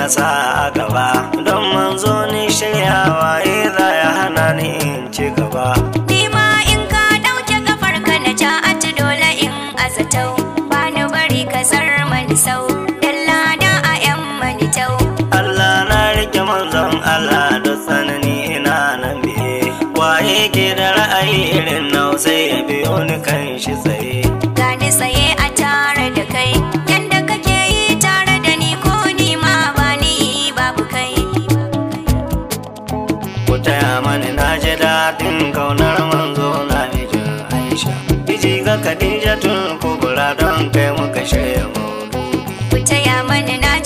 na sa a gaba don manzo ni shiryawa za ya hana ni in ci gaba nima in ka ɗauke kafar ka na ja a ci dole in azatau ba ni bari ka zar mani sau dalla da a yan mani tau Allah na rike manzon Allah da tsanani ina nan biye waye ke da ra'ayi irin nau sai ya biyo ni kan tsaye don kai muka shirya mu. Ku taya mani na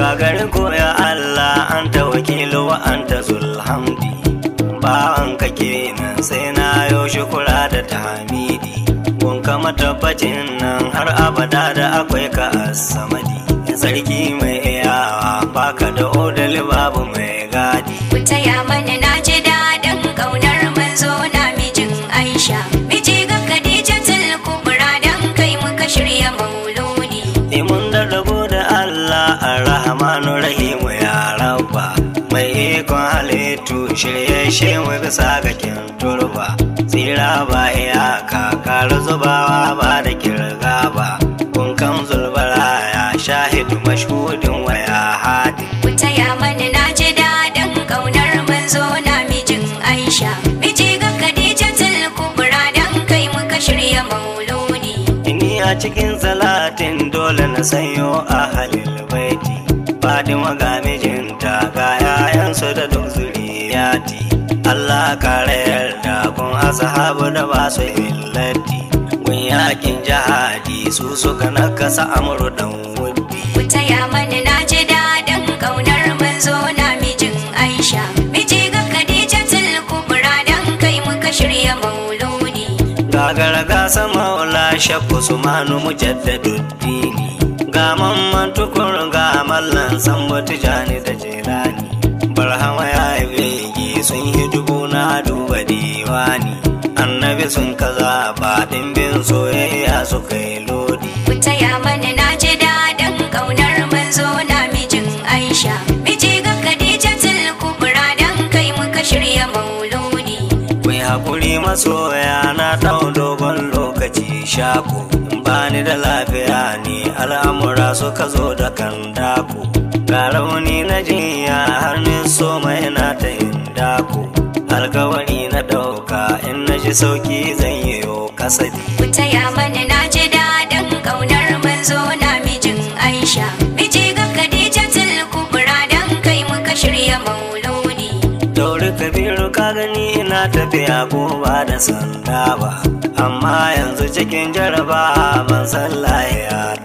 gagari ya Allah an ta wakilu wa an ta zulhamdi an ka kenan sai na yo shukura da tamidi wanka matabbacin nan har abada da akwai ka samadi sarki arrahmanu rahimu ya rabba mai ikon halittu shirye shi mu bisa ga turba tsira ba ya kaka zubawa ba da kirga ba kun kam zulbara ya shahidu mashhudin wa ya hadi ku taya mani na ji daɗin kaunar manzo na mijin aisha miji ga khadijatul kubra dan kai muka shirya mauludi ni a cikin salatin dole na sanyo ahalin Fatima maga mijinta ga yayansu da duk zuriyati Allah kare yarda kun ashabu da ba su illati kun yakin jihadi su suka nakasa amuru dan wuddi wuta taya mani na ji daɗin ƙaunar manzo na mijin Aisha miji ga Khadija kubra dan kai muka shirya mauludi ga garga sama wala shakku su manu dini ga mamman tukur ga mallan san da jelani barhama ya yi sun yi dubu na duba diwani annabi sun kaza ba dimbin soyayya su kai lodi wuta ya mani na ji daɗin ƙaunar manzo na mijin aisha miji ga khadija kubra dan kai muka shirya mauludi Mai haƙuri masoya na ɗau dogon lokaci shako bani da lafiya ne al'amura suka zo da kan dako ga rauni na jinya har min soma yana ta indaku alkawari na dauka in na ji sauki zan yi yo kasabi ku taya mana na ji daɗin ƙaunar manzo na mijin aisha miji ga khadija kubra dan kai muka shirya mauluni. dauri kabiru ka gani ina tafiya ko ba da sanda ba amma yanzu cikin jaraba ban san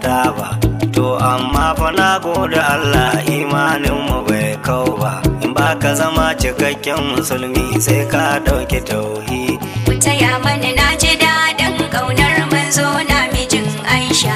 ta ba to amma fa na gode Allah imaninmu mu bai kau ba in ba ka zama cikakken musulmi sai ka ɗauki tauhi wuta ya mani na ji dadin kaunar manzo na mijin Aisha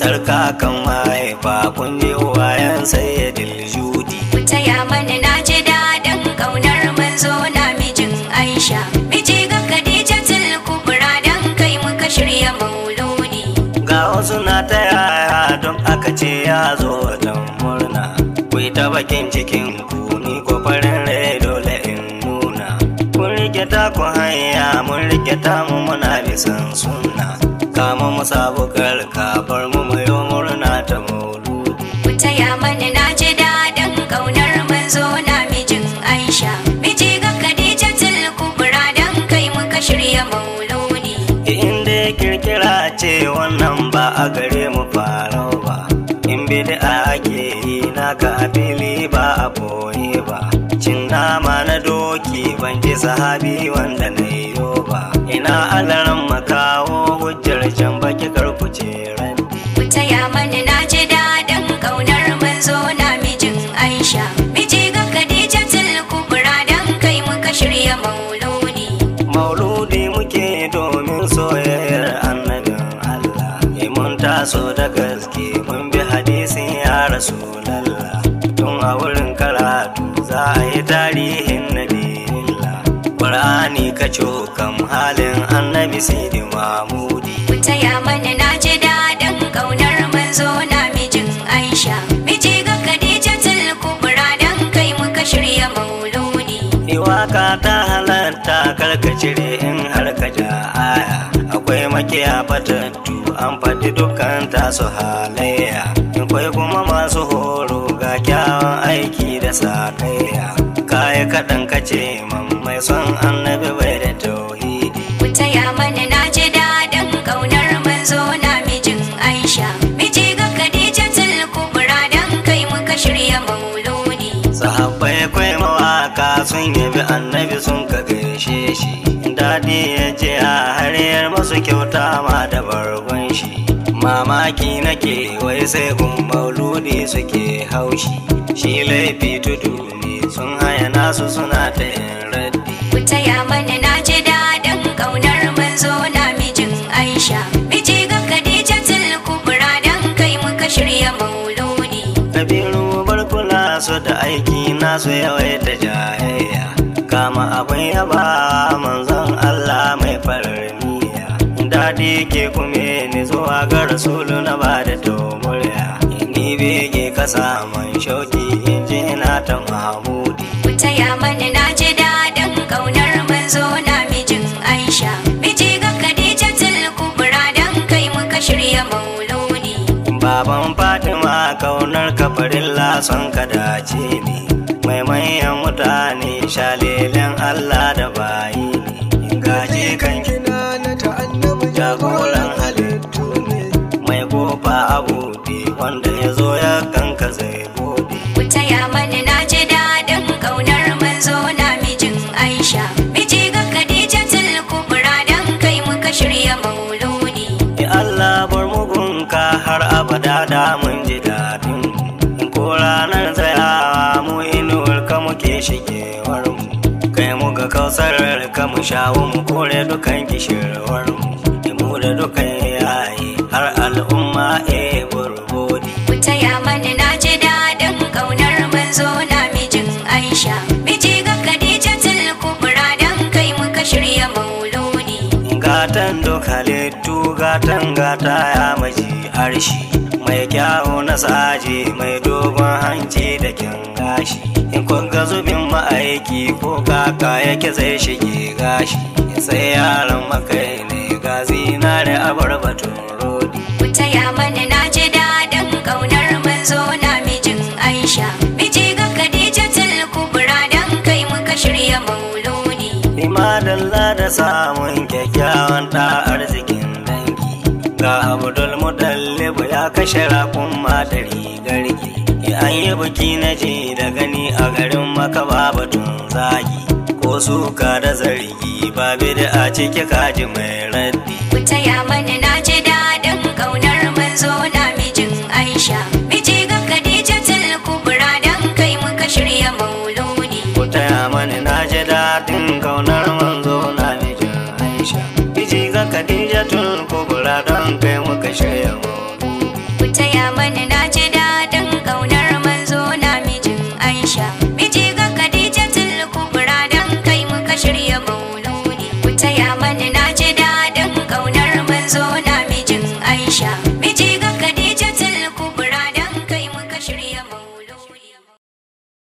sarka kan mahaifa kun je wayan sayyadil judi ku taya mana na ji daɗin ƙaunar manzo na mijin aisha miji ga khadija kubra dan kai muka shirya mauludi ga wasu na ta yaya don aka ce ya zo don murna ku ta bakin cikin ku ni ko farin rai dole in muna kun rike ta ku hanya mun rike ta mu muna bisan sunna kama mu sabu karka mu ce wannan ba a gare mu farau ba in bid'a ake yi na kabili ba a boye ba cin nama na doki ban ji sahabi wanda na yi ba ina alaran da gaske mun bi hadisin ya rasulallah tun a wurin karatu za a yi tarihin nabiyillah qur'ani ka cokam halin annabi sidi mamudi ku taya mana na ji daɗin ƙaunar manzo na mijin aisha miji ga khadija kubra don kai muka shirya mauluni. ni waka ta halatta karka cire in har ka ja aya ake fatattu an faɗi dukkan tasu halayya in kwai kuma masu horo ga kyawun aiki da sakayya yi kaɗan ka ce, mai son annabi bai da tauhidi ku taya mana na ji daɗin ƙaunar manzo na mijin aisha miji ga khadija kubra dan kai muka shirya mauludi sahabbai kwai mawaka sun yabi annabi sun ka gaishe shi daɗi ya je a hariyar masu kyauta ma da bargon shi mamaki nake wai sai kun mauludi suke haushi shi laifi tudu ne sun haya nasu suna ta yin raddi ku taya mana na ji daɗin ƙaunar manzo na mijin aisha miji ga khadija kubra dan kai muka shirya mauludi kabiru kula su da aiki nasu yawaita jayayya dama abin yaba manzon Allah mai farar miya. daɗi ke kume ni zuwa ga rasulu na ba da tomuriya ni bege kasa man shauki in ji na ta mahmudi wuta taya mani na ji daɗin ƙaunar manzo na mijin aisha miji ga khadija kubra dan kai muka shirya mauludi baban fatima ƙaunar kafarilla son ka dace ne mai mutane shalelen Allah da bayi ne gaje kan kina na ta annabi jagoran halittu ne mai gofa abu wanda ya zo ya kanka zai gobe wuta taya mani na ji daɗin ƙaunar manzo na mijin Aisha miji ga Khadija kubra dan kai muka shirya mauludi ya Allah bar gunka har abada da mun ji daɗin ko ranar shigewarmu kai mu ga kausarar ka mu shawo mu kore dukan kishirwarmu da mu da dukan yayi har al'umma e eh, burbudi ku taya mani na ji daɗin ƙaunar manzo na mijin aisha miji ga khadija kubra dan kai muka shirya mauludi gatan dokalittu gatan gata ya maji arshi mai kyawu na saje mai dogon hanci da kyan gashi in kun ga zubin ma'aiki ko kaka yake zai shige gashi sai yaran makai ne ga zinare a batun rodi wuta ya mana na ji daɗin ƙaunar manzo na mijin aisha miji ga khadija kubra dan kai muka shirya mauluni imadalla da samun kyakkyawan da arzikin dangi ga abdul mudallibu ya kashe rakun ma da rigarki an yi biki na je da gani a garin maka tun zagi ko suka da zargi babe da a cike kaji mai raddi ku taya mana na ji daɗin ƙaunar manzo na mijin aisha miji ga khadija kubura dan kai muka shirya mauludi ku taya mana na ji daɗin ƙaunar manzo na mijin aisha miji ga khadija kubura dan kai muka shirya mauludi